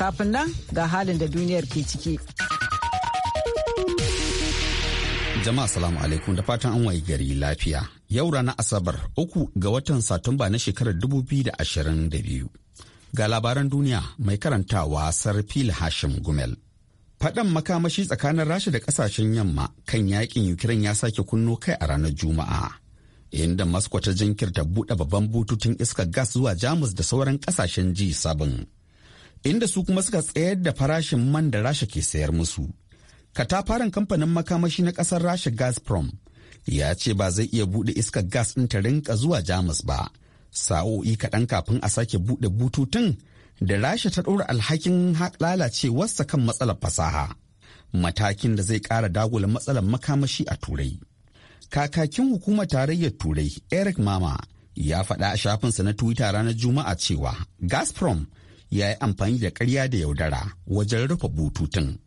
Kafin nan ga halin da duniyar ke ciki. Jama'a salamu alaikum da fatan an waye gari lafiya. Yau ranar Asabar uku ga watan Satumba na shekarar da da ashirin biyu. Ga labaran duniya mai karantawa Sarfil Hashim Gumel. Faɗan makamashi tsakanin Rasha da ƙasashen yamma kan yakin Ukraine ya sake kunno kai a ranar Juma'a. inda Moscow ta jinkirta buɗe babban bututun iskar gas zuwa Jamus da sauran ƙasashen G sabon. inda su kuma suka tsayar da farashin man da rasha ke sayar musu katafaren kamfanin makamashi na ƙasar rasha gazprom ya ce ba zai iya buɗe iskar gas ɗin ta rinka zuwa jamus ba sa'o'i kaɗan kafin a sake buɗe bututun da rasha ta ɗora alhakin lalacewarsa kan matsalar fasaha matakin da zai ƙara dagula matsalar makamashi a turai kakakin hukumar tarayyar turai eric mama ya faɗa a shafinsa na twitter ranar juma'a cewa gazprom ya yi amfani da karya da yaudara wajen rufe bututun.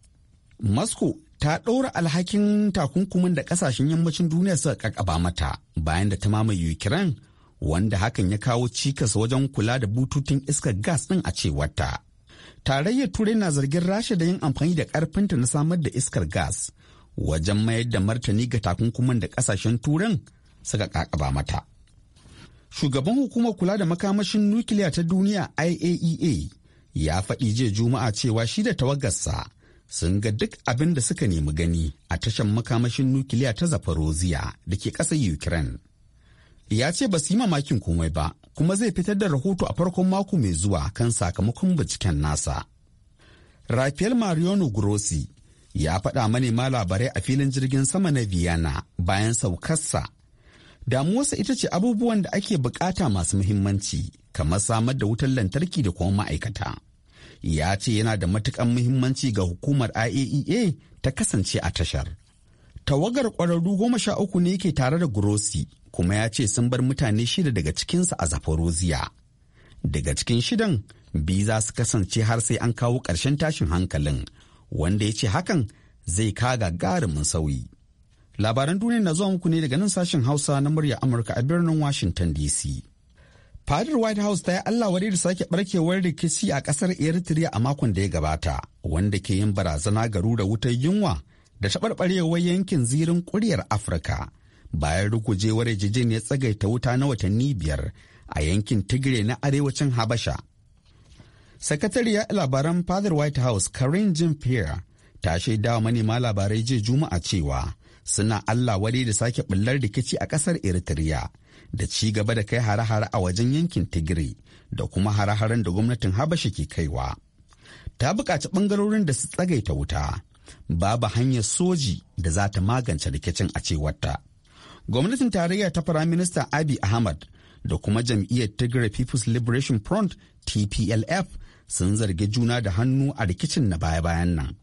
Moscow ta ɗaura alhakin takunkumin da ƙasashen yammacin duniya suka ƙaƙaba mata bayan da ta mamaye Ukraine wanda hakan ya kawo cikas wajen kula da bututun iskar gas ɗin a cewarta. Tarayyar Turai na zargin Rasha da yin amfani da ƙarfinta na samar da iskar gas wajen mayar da martani ga takunkumin da ƙasashen Turan suka ƙaƙaba mata. shugaban hukumar kula da makamashin nukiliya ta duniya iaea e ya faɗi jiya juma'a cewa shi da tawagarsa sun ga duk abin da suka nemi gani a tashar makamashin nukiliya ta zafaroziya da ke ƙasar ukraine ya ce ba su yi mamakin komai ba kuma zai fitar da rahoto a farkon mako mai zuwa kan sakamakon binciken nasa rafael mariano grossi ya faɗa manema labarai a filin jirgin sama na vienna bayan saukarsa damuwarsa ita ce abubuwan da ake bukata masu muhimmanci kamar samar da wutar lantarki da kuma ma'aikata ya ce yana da matukan muhimmanci ga hukumar iaea e ta kasance a tashar tawagar kwararru goma sha uku ne ke tare da grossi kuma ya ce sun bar mutane shida daga cikinsa a Zafaroziya. daga cikin shidan biyu za su kasance har sai an kawo ƙarshen tashin hankalin wanda ya ce hakan zai kaga garimin sauyi Labaran duniya na zuwa muku ne daga nan sashen Hausa na murya Amurka a birnin Washington DC. Fadar White House ta yi Allah wadai da sake barkewar rikici a kasar Eritrea a makon da ya gabata, wanda ke yin barazana ga rura wutar yunwa da taɓarɓarewar yankin zirin ƙuryar Afirka. Bayan rugujewar jijin ya tsagaita wuta na watanni biyar a yankin Tigray na arewacin Habasha. sakatariya labaran Fadar White House karin Jean-Pierre ta shaidawa manema labarai jiya Juma'a cewa suna Allah wadai da sake bullar rikici a kasar Eritrea da ci gaba da kai hare-hare a wajen yankin Tigray da kuma hare-haren da gwamnatin Habasha ke kaiwa. Ta buƙaci ɓangarorin da su tsagaita wuta, babu hanyar soji da za ta magance rikicin a cewarta. Gwamnatin tarayya ta minister abi Ahmad da kuma jam'iyyar Tigray People's Liberation Front TPLF sun zargi juna da hannu a rikicin na baya-bayan nan.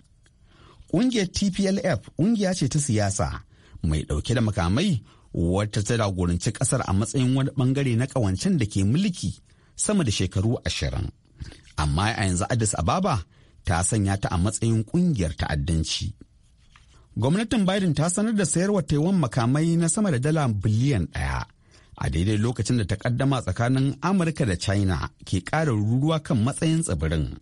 Ƙungiyar TPLF ƙungiya ce ta siyasa mai ɗauke da makamai wata ta jagoranci ƙasar a matsayin wani ɓangare na ƙawancen da ke mulki sama da shekaru ashirin. Amma a yanzu Addis Ababa ta sanya ta a matsayin ƙungiyar ta'addanci. Gwamnatin Biden ta sanar da sayarwa Taiwan makamai na sama da dala biliyan ɗaya. a daidai lokacin da ta ƙaddama tsakanin amurka da china ke ƙara ruruwa kan matsayin tsibirin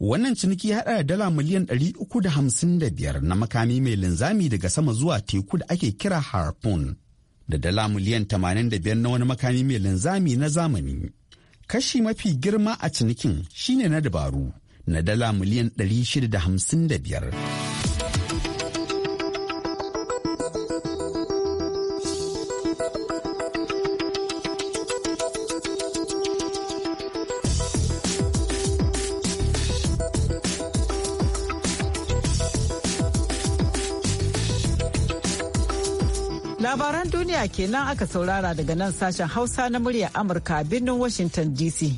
Wannan ciniki ya haɗa da dala miliyan 355 na makami mai linzami daga sama zuwa teku da ake kira harpoon da dala miliyan 85 na wani makami mai linzami na zamani. Kashi mafi girma a cinikin shine na dabaru na dala miliyan 655. duniya kenan aka saurara daga nan sashen Hausa na murya Amurka a birnin Washington DC.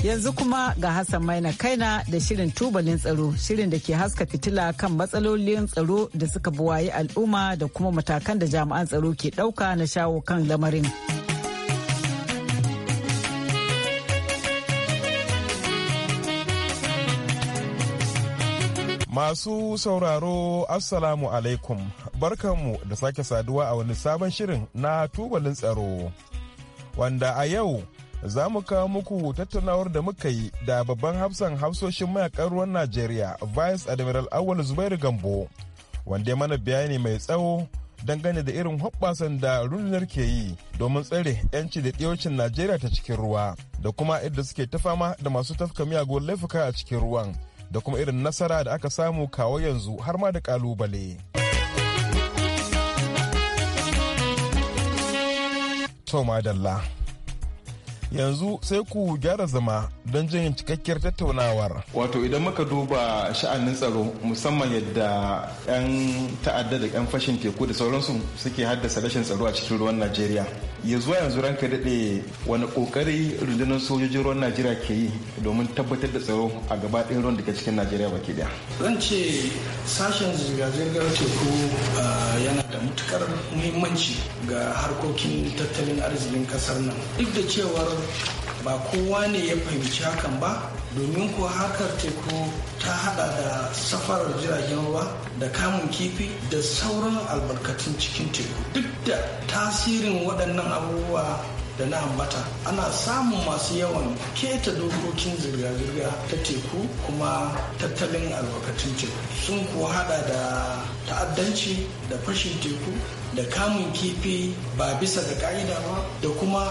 Yanzu kuma ga Hassan Maina Kaina da shirin tubalin tsaro, shirin da ke haska fitila kan matsalolin tsaro da suka buwaye al'umma da kuma matakan da jami'an tsaro ke ɗauka na shawo kan lamarin. Masu sauraro Assalamu alaikum barkanmu da sake saduwa a wani sabon shirin na tubalin tsaro. Wanda a yau za mu kawo muku tattaunawar da muka yi da babban hafsan hafsoshin mayakan ruwan Najeriya Vice Admiral Awal Zubairu Gambo wanda ya mana bayani mai tsawo dangane da irin hoɓɓasan da rundunar ke yi domin tsare 'yanci da ɗiyocin Najeriya ta cikin ruwa da kuma yadda suke ta fama da masu tafka miyagun laifuka a cikin ruwan. da kuma irin nasara da aka samu kawo yanzu har ma da kalubale. Tomadalla yanzu sai ku gyara zama don jin cikakkiyar tattaunawar. Wato idan muka duba sha'anin tsaro musamman yadda 'yan ta'adda da 'yan fashin teku da sauransu suke haddasa rashin tsaro a cikin ruwan Najeriya. ya zuwa yanzu ranka daɗe wani ƙoƙari rundunar sojojin ruwan najeriya ke yi domin tabbatar da tsaro a gaba ɗin ruwan daga cikin najeriya baki ɗaya zan ce sashen zirga-zirgar teku ah, yana da matukar muhimmanci ga harkokin tattalin arzikin ƙasar nan duk da cewar ba kowa ne ya fahimci hakan ba domin kuwa hakar teku ta hada da safarar jiragen ruwa da kamun kifi da sauran albarkatun cikin teku duk da tasirin waɗannan abubuwa da na ambata ana samun masu yawan keta dokokin zirga-zirga ta teku kuma tattalin albarkatun teku sun kuwa hada da ta'addanci da fashin teku da kamun kifi ba bisa ga ka'ida ba da kuma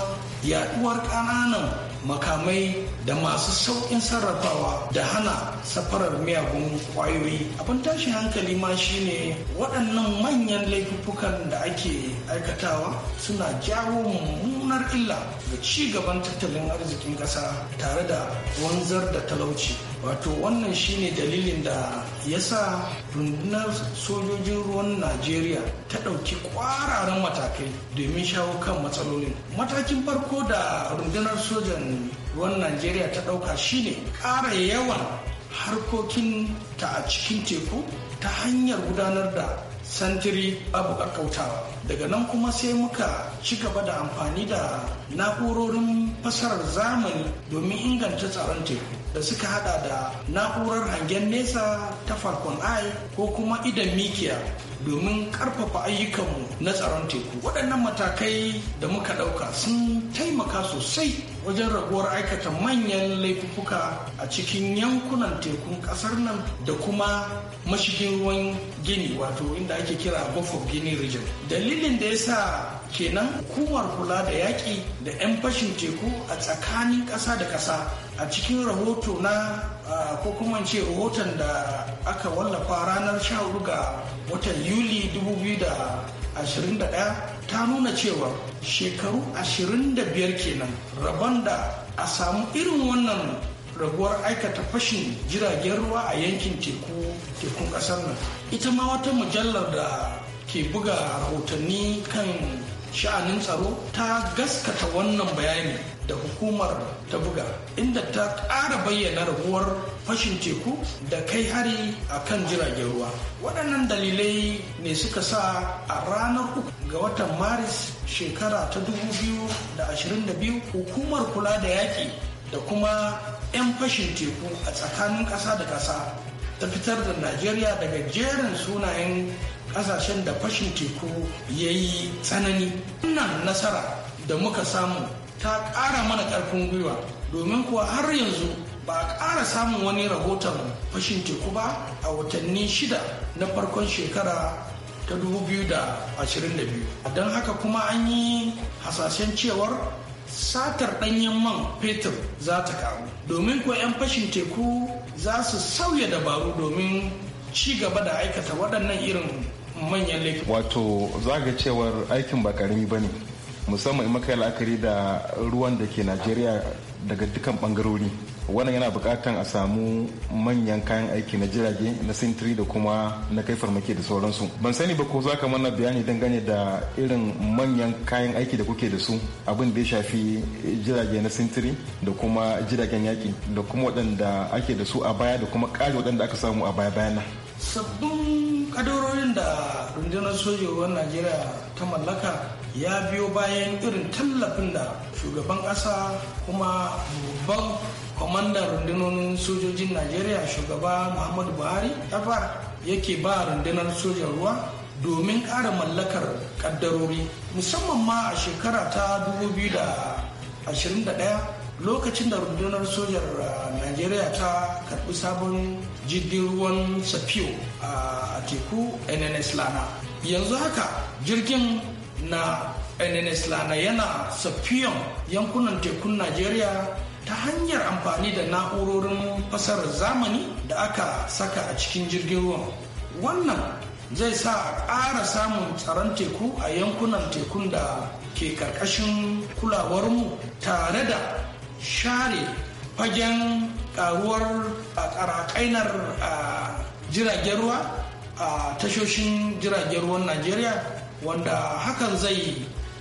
yaduwar ƙananan makamai da masu sauƙin sarrafawa da hana safarar miyagun kwayoyi abin tashin hankali ma shine waɗannan manyan laifuffukan da ake aikatawa suna jawo mummunan mummunar illa ga ci gaban tattalin arzikin ƙasa tare da wanzar da talauci wato wannan shine dalilin da ya sa rundunar sojojin ruwan najeriya ta ɗauki ƙwararren matakai domin shawo kan matsalolin matakin farko da rundunar sojan ruwan najeriya ta ɗauka shine ƙara yawan harkokin ta a cikin teku ta hanyar gudanar da santiri abu kakkautawa daga nan kuma sai muka ci gaba da amfani da na'urorin fasarar zamani domin inganta tsaron teku da suka hada da na'urar hangen nesa ta farkon eye ko kuma idan mikiya domin karfafa ayyukanmu na tsaron teku waɗannan matakai da muka ɗauka sun taimaka sosai wajen raguwar aikata manyan laifuka a cikin yankunan tekun kasar nan da kuma mashigin ruwan gini wato inda ake kira gulf of guinea region dalilin da ya sa kenan hukumar kula da yaƙi da 'yan fashin teku a tsakanin ƙasa da ƙasa a cikin rahoto na ko kuma ce rahoton da aka wallafa ranar 14 ga watan yuli 2000 2021 ta nuna cewa shekaru 25 kenan rabon da a samu irin wannan raguwar aikata fashin jiragen ruwa a yankin teku tekun kasar nan ita ma wata mujallar da ke buga rahotanni kan sha'anin tsaro ta gaskata wannan bayani da hukumar ta buga inda ta ƙara bayyana raguwar fashin teku da kai hari a kan jiragen ruwa waɗannan dalilai ne suka sa a ranar uku ga watan maris shekara ta 2022 hukumar kula da yaƙi da kuma 'yan fashin teku a tsakanin ƙasa da ƙasa ta fitar da najeriya daga jerin sunayen ƙasashen da fashin teku ya yi tsanani wannan nasara da muka samu ta ƙara mana ƙarfin gwiwa domin kuwa har yanzu ba a ƙara samun wani rahoton fashin teku ba a watanni shida na farkon shekara ta 2022 don haka kuma an yi hasashen cewar satar ɗanyen man fetur za ta karu domin kuwa 'yan fashin teku za su sauya dabaru domin ci gaba da aikata waɗannan irin manyan laifuka. wato zaga cewar aikin ba karami ba ne musamman in maka la'akari da ruwan da ke najeriya daga dukkan bangarori wannan yana bukatan a samu manyan kayan aiki na jirage na sintiri da kuma na kai farmaki da sauransu ban sani ba ko za ka mana bayani dangane da irin manyan kayan aiki da kuke da su abin da ya shafi jirage na sintiri da kuma jiragen yaki da kuma waɗanda ake da su a baya da kuma ƙari waɗanda aka samu a baya bayan sabbin kadarorin da rundunar sojin najeriya ta mallaka ya biyo bayan irin tallafin da shugaban ƙasa kuma babban kwamandan rundunonin sojojin najeriya shugaba muhammadu buhari ya fara yake ba rundunar sojan ruwa domin ƙara mallakar ƙaddarori musamman ma a shekara ta 2021 lokacin da rundunar sojar uh, najeriya ta karbi sabon jirgin ruwan safiyo uh, a teku nns lana yanzu haka jirgin na nns lana yana safiyon yankunan tekun najeriya ta hanyar amfani da na'urorin fasarar zamani da aka saka a cikin jirgin ruwan wannan zai sa a ƙara samun tsaron teku a yankunan tekun da ke ƙarƙashin kulawarmu tare da share fagen ƙaruwar ƙarakainar jiragen ruwa a tashoshin jiragen ruwan najeriya wanda hakan zai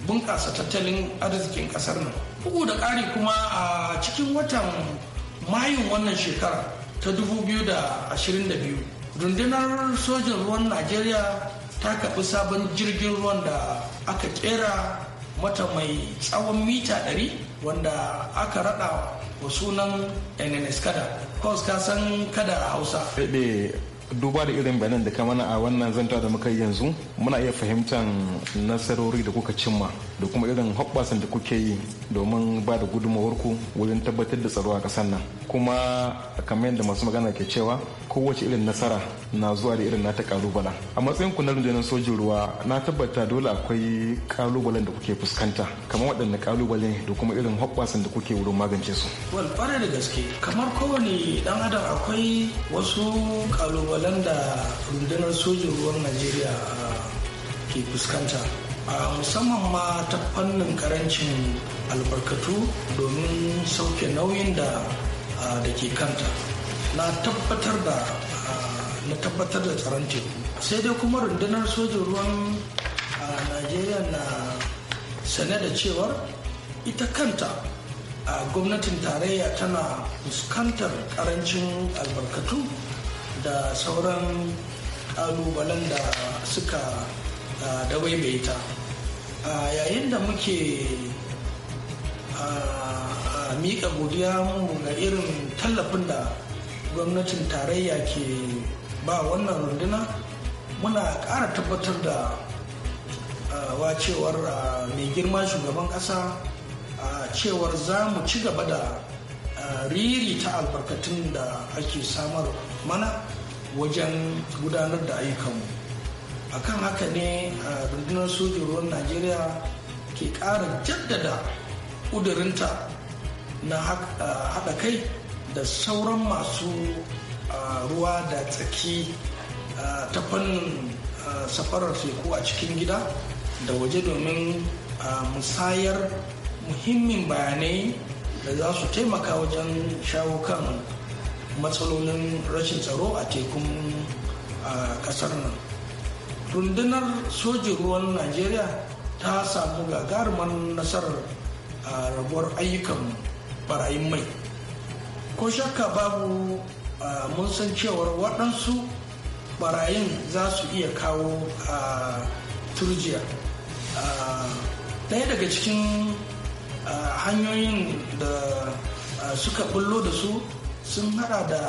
bunƙasa tattalin arzikin ƙasar nan bugu da ƙari kuma a cikin watan mayun wannan shekara ta 2022 rundunar sojin ruwan najeriya ta kafi sabon jirgin ruwan da aka kera mata mai tsawon mita 100 wanda aka rada wa sunan nns kada kawai ka san kada a hausa duba da irin bayanan da ka mana a wannan zanta da muka yanzu muna iya fahimtar nasarori da kuka cimma da kuma irin hoɓɓasan da kuke yi domin ba da ku wurin tabbatar da tsaro a ƙasar nan kuma kamar yadda masu magana ke cewa kowace irin nasara na zuwa da irin nata ƙalubala. a matsayin ku na rundunar sojin ruwa na tabbata dole akwai ƙalubalen da kuke fuskanta kamar waɗanne ƙalubale da kuma irin hoɓɓasan da kuke wurin magance su wal da gaske kamar kowane dan adam akwai wasu kalubalen da rundunar sojin ruwan najeriya ah, ke fuskanta musamman ma ta fannin karancin albarkatu domin sauke nauyin da da ke kanta na tabbatar da na tabbatar da tsaron teku sai dai kuma rundunar sojin ruwan najeriya na sane da cewar ita kanta a gwamnatin tarayya tana fuskantar karancin albarkatu da sauran kalubalen da suka dabaibaita. ta a yayin da muke miƙa godiya mu ga irin tallafin da gwamnatin tarayya ke ba wannan runduna muna ƙara tabbatar da wa cewar mai girma shugaban ƙasa a cewar za mu ci gaba da riri ta albarkatun da ake samar mana wajen gudanar da ayyukanmu akan haka ne rundunar sojin ruwan najeriya ke ƙara jaddada ƙudurinta na haɗa kai da sauran masu ruwa da tsaki ta fannin safarar teku a cikin gida da waje domin musayar muhimmin bayanai da za su taimaka wajen shawo kan matsalolin rashin tsaro a tekun ƙasar nan. rundunar sojin ruwan najeriya ta samu gagarumar nasarar a rabuwar ayyukan barayin mai ko shakka babu mun san cewar waɗansu barayin za su iya kawo a turjiya ɗaya daga cikin hanyoyin da suka bullo da su sun hada da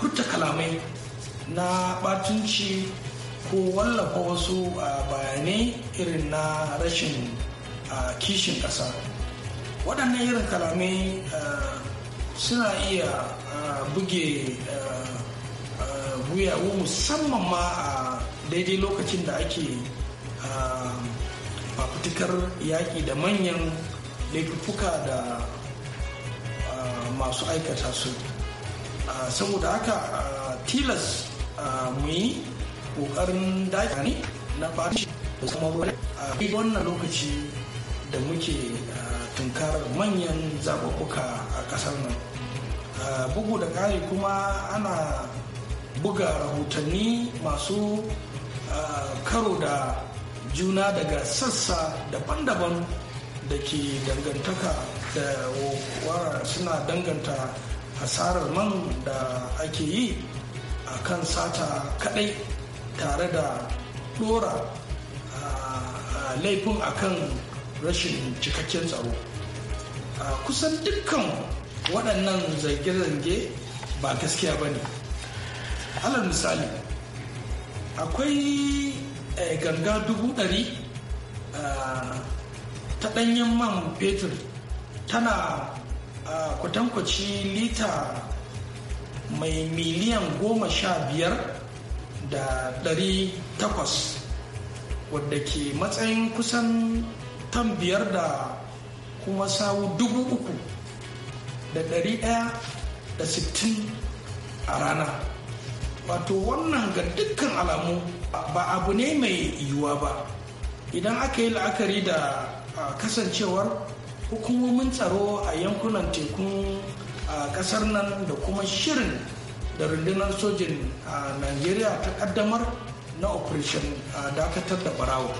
furta kalamai na ɓatunci ko wallafa wasu bayanai irin na rashin kishin ƙasa waɗannan irin kalamai suna iya buge wuyawu musamman ma a daidai lokacin da ake fafutukar yaƙi da manyan laifuka da masu aikata su saboda haka tilas mu yi kokarin daka ne na fashi da kuma wuri a wannan lokaci da muke tunkarar manyan zaɓuɓɓuka a ƙasar nan bugu da ƙari kuma ana buga rahotanni masu karo da juna daga sassa daban-daban da ke dangantaka da wara suna danganta hasarar man da ake yi a kan sata kadai tare da dora laifin kan rashin cikakken tsaro kusan dukkan waɗannan zange-zange ba gaskiya ba ne alal misali akwai e, ganga dubu ɗari ta ɗanyen man fetur tana kwatankwaci lita mai miliyan goma sha biyar da ɗari takwas wadda ke matsayin kusan tan biyar da kuma sawu dubu uku da ɗari ɗaya da sittin a rana wato wannan ga dukkan alamu ba abu ne mai yiwuwa ba idan aka yi la'akari da kasancewar hukumomin tsaro a yankunan tekun kasar nan da kuma shirin da rundunar sojin a nigeria ta kaddamar na operation dakatar da barawo.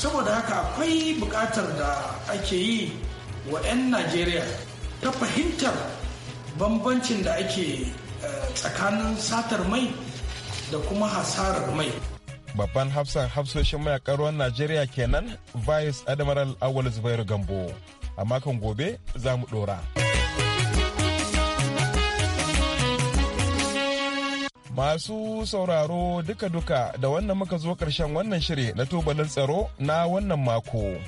Saboda haka akwai bukatar da ake yi wa 'yan nigeria ta fahimtar bambancin da ake e, tsakanin satar mai da kuma hasarar mai. Babban hafsan hafsoshin mayakan ruwan Najeriya kenan Vice Admiral Awal Zubairu Gambo. A makon gobe za mu ɗora. Masu sauraro duka-duka da wannan muka zo ƙarshen wannan shiri na tubalin tsaro na wannan mako.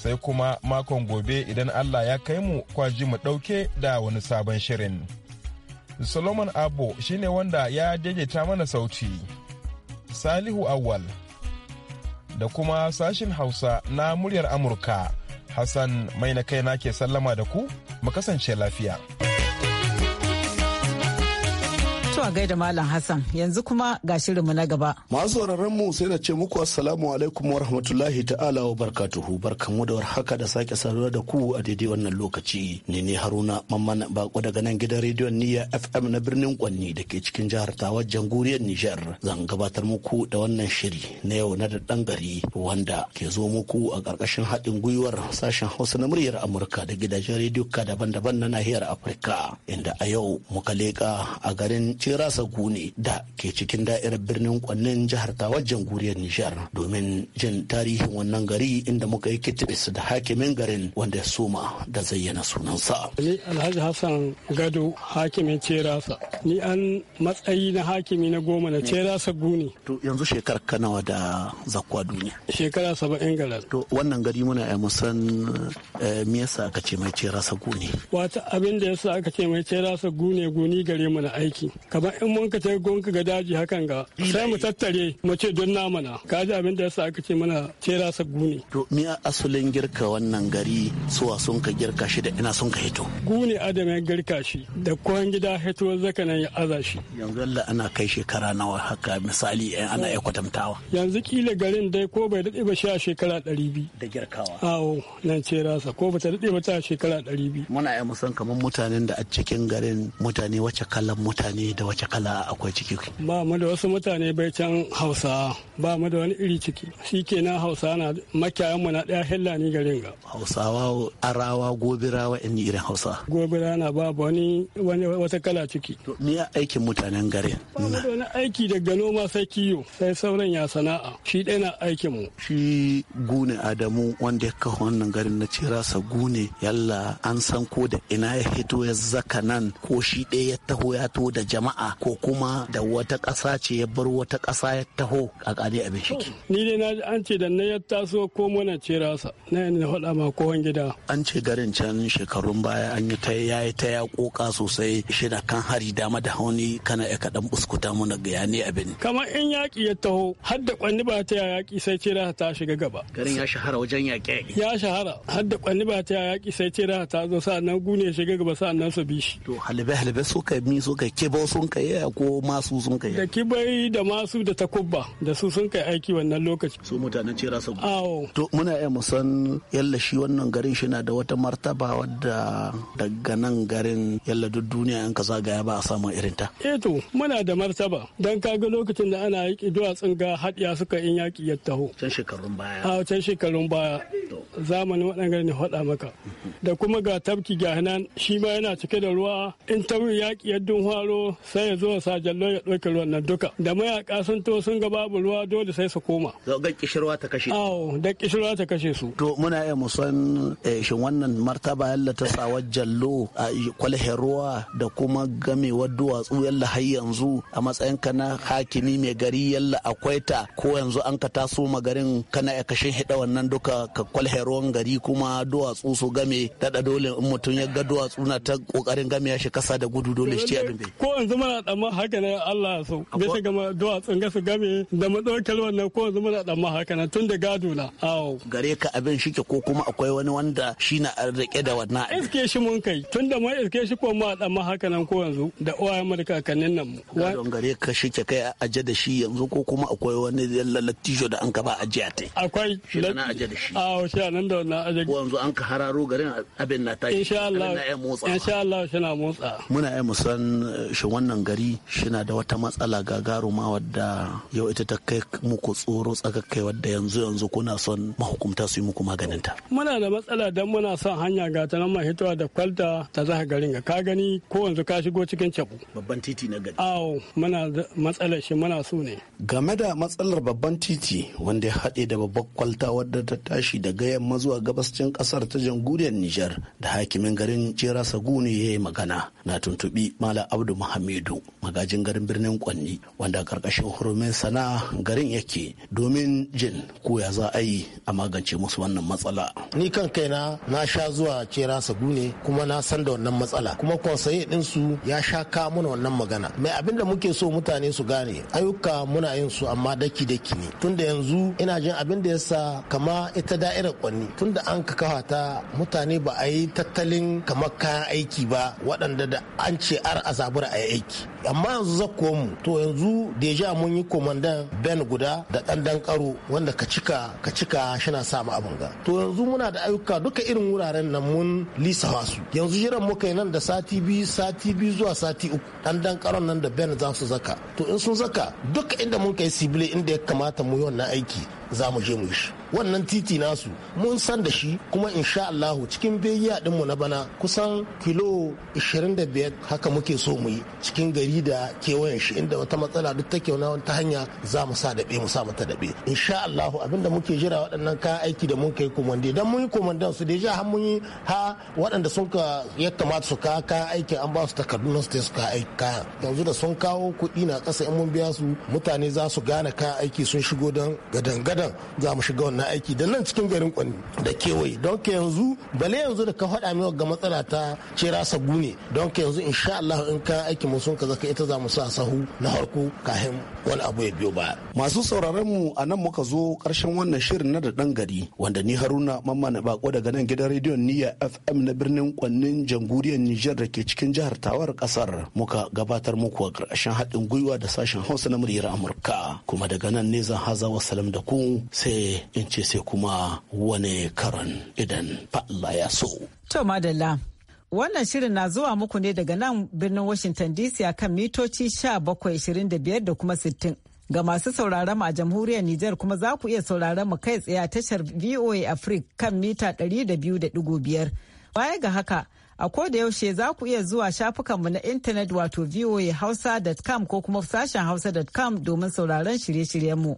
Sai kuma makon gobe idan Allah ya kai mu kwaji mu ɗauke da wani sabon shirin. Solomon Abbo shine wanda ya daidaita mana sauti. Salihu Awal da kuma sashin Hausa na muryar Amurka. Hassan mai na kaina ke sallama da ku, mu kasance lafiya. To a gaida Malam Hassan yanzu kuma ga shirinmu na gaba. Masu mu sai na ce muku assalamu alaikum wa rahmatullahi ta'ala wa barkatuhu mu da warhaka da sake saduwa da ku a daidai wannan lokaci. Ni ne Haruna Mamman Bako daga nan gidan rediyon Niyya FM na birnin Kwanni da ke cikin jihar Tawa Jamhuriyar Nijar. Zan gabatar muku da wannan shiri na yau na daɗan gari wanda ke zo muku a ƙarƙashin haɗin gwiwar sashen Hausa na muryar Amurka da gidajen rediyo daban-daban na nahiyar Afirka inda a yau muka leƙa a garin rasa Gune da ke cikin da'irar birnin kwannin jihar tawar guriyar nijar domin jin tarihin wannan gari inda muka yi kitibis da hakimin garin wanda ya soma da zayyana sunansa. ni alhaji hassan gado hakimin cerasa ni an matsayi na hakimi na goma na cerasa gune. to yanzu shekar kanawa da zakwa duniya. shekara saba'in gara. to wannan gari muna ya eh, musan eh, me yasa aka ce mai cerasa gune. wata abin da yasa aka ce mai cerasa gune guni gare mu na aiki. kamar in mun ka ta gonka ga daji hakan ga sai mu tattare mu ce don mana na ji abin da yasa aka ce mana tera sa gune. to me asalin girka wannan gari suwa sun ka girka shi da ina sun ka hito gune ya girka shi da kohan gida hito zaka nan ya aza shi yanzu Allah ana kai shekara nawa haka misali eh, ana ya kwatamtawa yanzu kila garin dai ko bai dade ba sha shekara 200 da girkawa awo nan ce rasa ko bata dade ba ta shekara 200 muna yi musan kamar mutanen da a cikin garin mutane wacce kallon mutane da wace kala akwai ciki ba mu da wasu mutane bai can hausa ba mu da wani iri ciki shi kenan hausa na makiyayan mu na daya hella ni garin ga hausawa arawa gobirawa in irin hausa gobira na ba wani wata kala ciki me aikin mutanen garin ba mu da wani aiki daga noma sai kiyo sai sauran ya sana'a shi dai na aikin mu shi gune adamu wanda ya kawo wannan garin na cira sa gune yalla an san ko da ina ya hito ya zaka nan ko shi ɗaya ya taho ya to da jama'a a'a ko kuma da wata ƙasa ce ya bar wata ƙasa ya taho a ƙane abin shi ni dai na ji an ce da na ya taso ko mana ce rasa na yana faɗa ma kowan gida an ce garin can shekarun baya an yi ta ya yi ta ya ƙoƙa sosai shi da kan hari dama da hauni kana ya kaɗan buskuta mana ga ne abin kamar in yaƙi ya taho har da ƙwanni ba ta yaƙi sai ce ta shiga gaba garin ya shahara wajen yaƙe ya shahara har da ƙwanni ba ta yaƙi sai ce ta zo sa'annan gune shiga gaba sa'annan su bi shi to halibe halibe suka mi suka kebo sun kai ko masu sun kai da kibai da masu da takubba da su sun kai aiki wannan lokaci su mutanen cera su awo to muna iya mu san yalla shi wannan garin shi na da wata martaba wadda daga nan garin yalla duk duniya an ka zagaya ba a samu irin ta eh to muna da martaba dan kaga lokacin da ana yaki duwatsun ga hadiya suka in yaki ya taho can shekarun baya a can shekarun baya zamanin waɗanda ne faɗa maka mhm. da kuma ga tabki ga nan shi ma yana cike da ruwa in tauri yaki ya dun haro sai sai ya zo sa jallo ya ɗauki ruwan nan duka da mayaka sun to sun ga babu ruwa dole sai su koma to ga kishirwa ta kashe awo da kishirwa ta kashe su to muna iya mu san eh, shin wannan martaba yalla ta sawa jallo a kwalhe ruwa da kuma gamewar duwatsu yalla har yanzu a matsayin ka na hakimi mai gari yalla akwai ta ko yanzu an ka taso magarin kana ya kashin hida wannan duka ka kwalhe ruwan gari kuma duwatsu su game dada dole in mutum ya ga duwatsu na ta kokarin game ya shi kasa da gudu dole shi abin bai ko yanzu muna tsamma haka ne Allah ya so bisa ga duwatsun ga su game da mu ɗaukar wannan ko yanzu muna tsamma haka ne tun da gado na awo gare ka abin shike ko kuma akwai wani wanda shi na rike da wannan iske shi mun kai tun da mai iske shi ko mu tsamma haka nan ko yanzu da uwaye mu da kakannin nan mu gare ka shike kai aje da shi yanzu ko kuma akwai wani lalatijo da an ka ba ajiya ta akwai shi na aje da shi awo shi nan da wannan aje ko yanzu an ka hararo garin abin na tashi insha Allah insha Allah shi na motsa muna yi musan eh, shi wannan wannan gari shina da wata matsala gagaruma wadda yau ita ta kai muku tsoro tsakakai wadda yanzu yanzu kuna son mahukumta su yi muku maganin ta. Muna da matsala don muna son hanya ga ta nan mahitowa da kwalta ta zaha garin ga ka gani ko yanzu ka shigo cikin cabu. Babban titi na gari. Aw muna da matsalar shi muna so ne. Game da matsalar babban titi wanda ya haɗe da babbar kwalta wadda ta tashi daga yamma zuwa gabascin ƙasar ta jamhuriyar Nijar da hakimin garin Jera Sagu yayi ya yi magana na tuntuɓi Malam Abdu Muhammad Edo magajin garin birnin Kwanni wanda karkashin hurumin sana'a garin yake domin jin ko ya za a yi a magance musu wannan matsala. Ni kan kaina na sha zuwa cera sagu ne kuma na san da wannan matsala kuma kwansaye din ya sha ka mana wannan magana. Mai abin da muke so mutane su gane ayyuka muna yin su amma daki daki ne tunda yanzu ina jin abin da yasa kama ita da'irar Kwanni tunda an ka ta mutane ba a yi tattalin kamar kayan aiki ba waɗanda da an ce ar a zabura a aiki. amma yanzu za mu to yanzu deja mun yi komandan ben guda da dan dan karo wanda ka cika ka cika na samu abin ga to yanzu muna da ayyuka duka irin wuraren nan mun lisa su yanzu jiran muka yi nan da sati biyu sati biyu zuwa sati uku dan dan karon nan da ben za su zaka to in sun zaka duka inda mun kai sibile inda ya kamata mu yi wannan aiki za mu je mu yi shi wannan titi nasu mun san da shi kuma insha Allah cikin din dinmu na bana kusan kilo 25 haka muke so mu yi cikin gari da kewayen shi inda wata matsala duk ta kyauna ta hanya za mu sa daɓe mu sa mata daɓe insha Allah abinda muke jira waɗannan kayan aiki da mun kai komande dan mun yi komandan su deja har mun yi ha waɗanda sun ka ya kamata su ka kayan aiki an ba su takardu na su su ka aiki kayan yanzu da sun kawo kuɗi na kasa in mun biya su mutane za su gane kayan aiki sun shigo don gadan adam za mu shiga wannan aiki da nan cikin garin kwanni da kewaye don ka yanzu bale yanzu da ka faɗa mai ga matsala ta cera sabu ne don ka yanzu insha Allah in ka aiki mu sun kaza ka ita za mu sa sahu na harko kafin wani abu ya biyo baya masu sauraron mu a nan muka zo karshen wannan shirin na da dan gari wanda ni Haruna Mamman Bako daga nan gidan rediyon Niyya FM na birnin Kwannin Jamhuriyar Nijar da ke cikin jihar Tawar kasar muka gabatar muku a karshen haɗin gwiwa da sashen Hausa na muryar Amurka kuma daga nan ne zan haza wasalam da ku nan sai in ce sai kuma wani karan idan Allah ya so. To madalla. Wannan shirin na zuwa muku ne daga nan birnin Washington DC a kan mitoci 1725 da kuma sittin Ga masu sauraron mu a jamhuriyar Nijar kuma za ku iya sauraron mu kai tsaye a tashar VOA Africa kan mita ɗari da da biyu biyar Baya ga haka, a ko da yaushe za ku iya zuwa shafukanmu na intanet wato voahausa.com ko kuma sashen hausa.com domin sauraron shirye-shiryenmu. mu.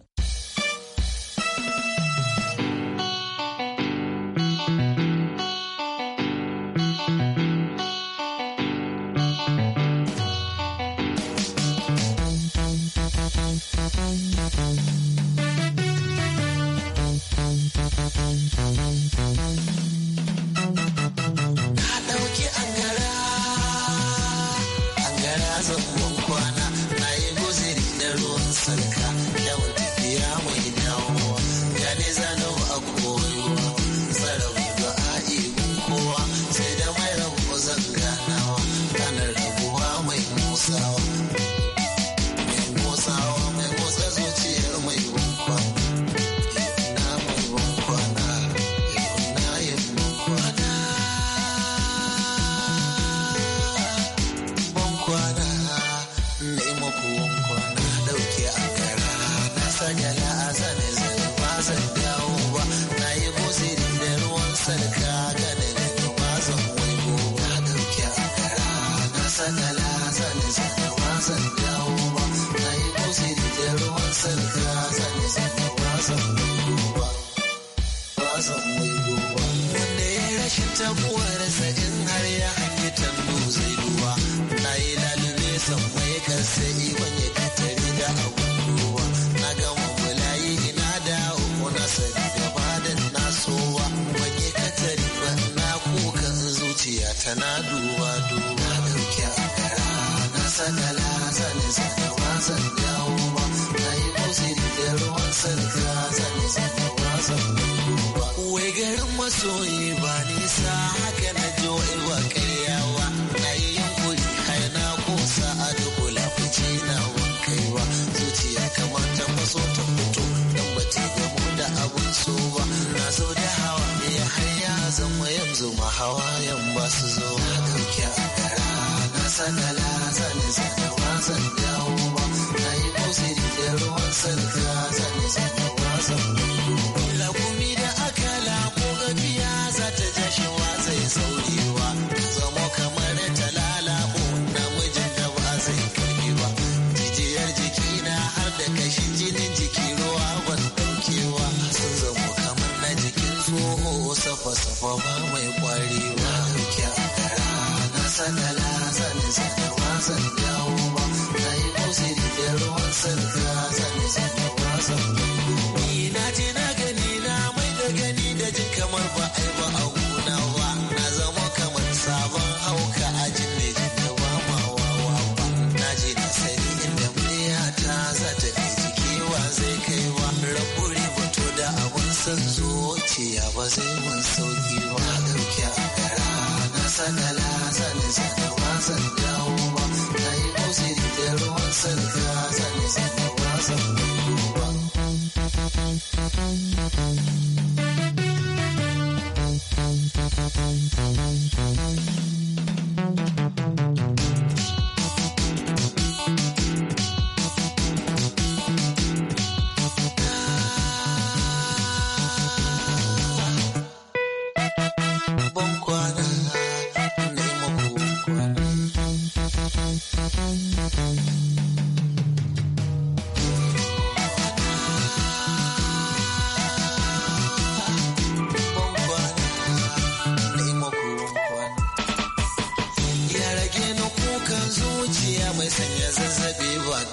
zuma hawayen ba su zo. Na ɗauki a kara na sanala, zane zane, zane ba zai wansa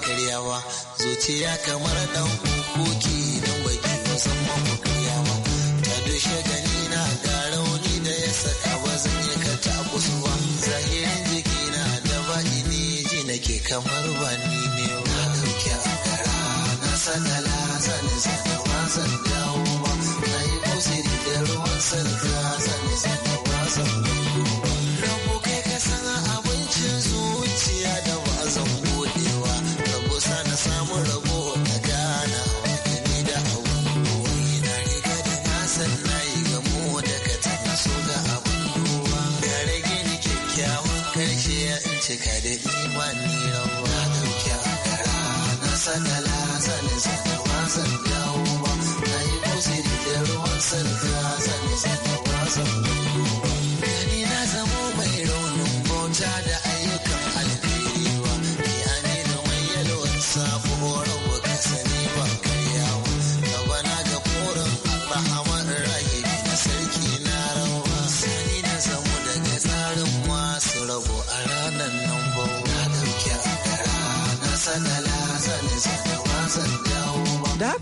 karyawa zuciya kamar dan kuki dan baki musamman mu karyawa ta dushe gani na da rauni da ya saka ba zan yi ka ta kusuwa zahirin jiki na da baki ni ji nake kamar ba ni ne wa dauke a gara na sanala zanin zanin ne.